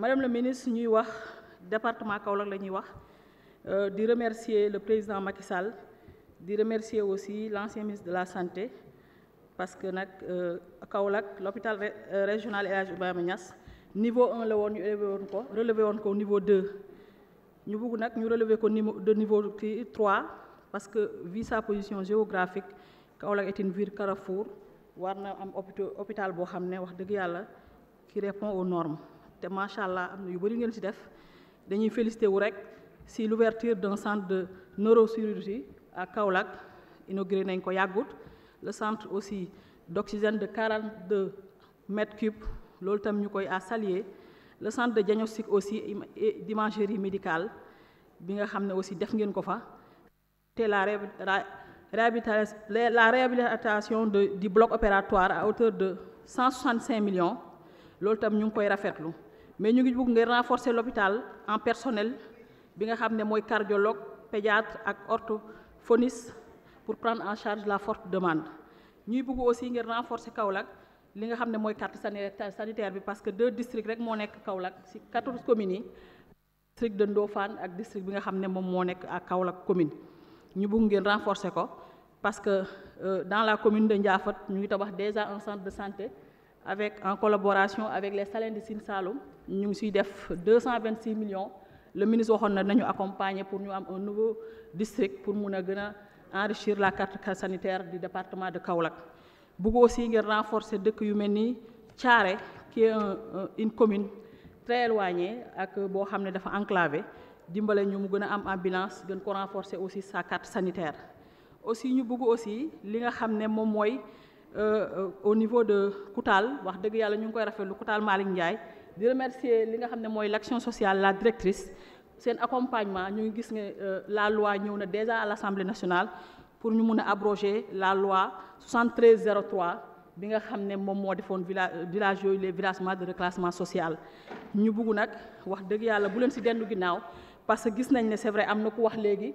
madame la ministre ñuy département de la ñuy euh, remercier le président Macky Sall di remercier aussi l'ancien ministre de la santé parce que euh, l'hôpital euh, régional et Hadj niveau 1 nous relevé niveau 2 Nous voulons de niveau 3 parce que vu sa position géographique Kaolak est une ville carrefour war hôpital qui répond aux normes et machallah nous avons yu ngeen ci def félicité l'ouverture d'un centre de neurochirurgie à Kaolack inauguré nañ ko le centre aussi d'oxygène de 42 mètres cubes loolu tam à saluer le centre de diagnostic aussi et d'imagerie médicale bi nga aussi def ngeen ko fa la réhabilitation la réhabilitation de du bloc opératoire à hauteur de 165 millions loolu tam ñu à mais nous avons renforcer l'hôpital en personnel bi nga xam cardiologues, cardiologue pédiatre orthophoniste pour prendre en charge la forte demande Nous avons aussi renforcer les li nga sanitaire parce que deux districts sont à nekk Le communes district de et le district de nga commune Nous renforcer parce que euh, dans la commune de Ndiafate nous avons déjà un centre de santé avec en collaboration avec les Salins de Sine nous avons fait 226 millions le ministre nous a nañu pour nous am un nouveau district pour nous enrichir la carte sanitaire du département de Nous avons aussi renforcé renforcer dëkk yu qui est une commune très éloignée et qui est enclavée. Nous enclavé renforcé ñu ambulance renforcer aussi sa carte sanitaire aussi ñu aussi li nga euh, euh, au niveau de Koutal wax deug yalla ñu ngi koy rafetlu Koutal Malick Ndiaye di remercier li nga xam moy l'action sociale la directrice sen accompagnement ñu ngi gis nga euh, la loi ñëw na déjà à l'Assemblée nationale pour ñu mëna abroger la loi 7303 bi nga xam mom mo defone village village les villagements de reclassement social ñu bugg nak wax deug yalla bu len ci dendu ginnaw parce que gis nañ ne c'est vrai amna na ku wax légui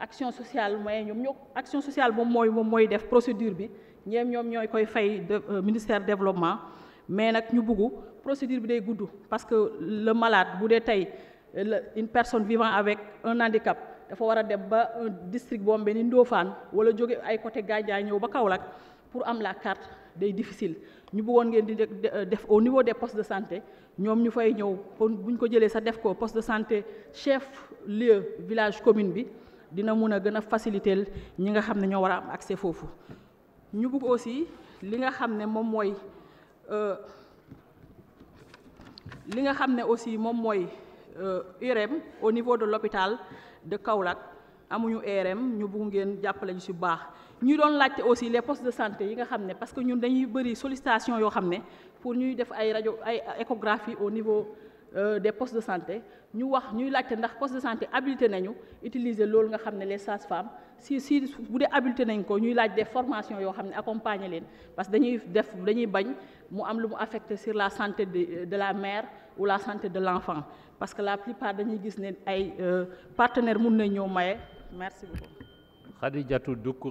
action sociale moy ñom ñok action sociale mom moy moom mooy def procédure bi ñem ñom ñoy koy fay euh, ministère développement mais nak ñu bugg procédure bi day gudd parce que le malade bu dee euh, une personne vivant avec un handicap dafa wara a dem ba un district bombé ni Ndofane wala joggé ay côté Gadiaye ñew ba kaolak pour am la carte day difficile ñu bëggoon ngeen di euh, def au niveau des postes de santé ñom ñu fay ñëw kon ko jëlé sa def ko poste de santé chef lieu village commune bi dina mun a gën a faciliter ñi nga xam ne ñoo war a am accès foofu ñu bëgg aussi li nga xam ne moom mooy euh, li nga xam ne aussi moom mooy IRM euh, au niveau de l'hôpital de Kaolack amuñu IRM ñu bëgg ngeen jàppale ñu si baax ñu doon laajte aussi les postes de santé yi nga xam ne parce que ñun dañuy bëri sollicitation yoo xam ne pour ñuy def ay rajo ay échographie au niveau euh, des postes de santé nous avons ñuy postes ndax poste de santé habilités nañu utiliser nga les sages-femmes si si voulez habilité nañ ko des formations yoo xam accompagner parce que nous, def dañuy bañ mu am lu affecté sur la santé de la mère ou la santé de l'enfant parce que la plupart des gens ne ay euh, partenaires mun nañ ñëw merci beaucoup.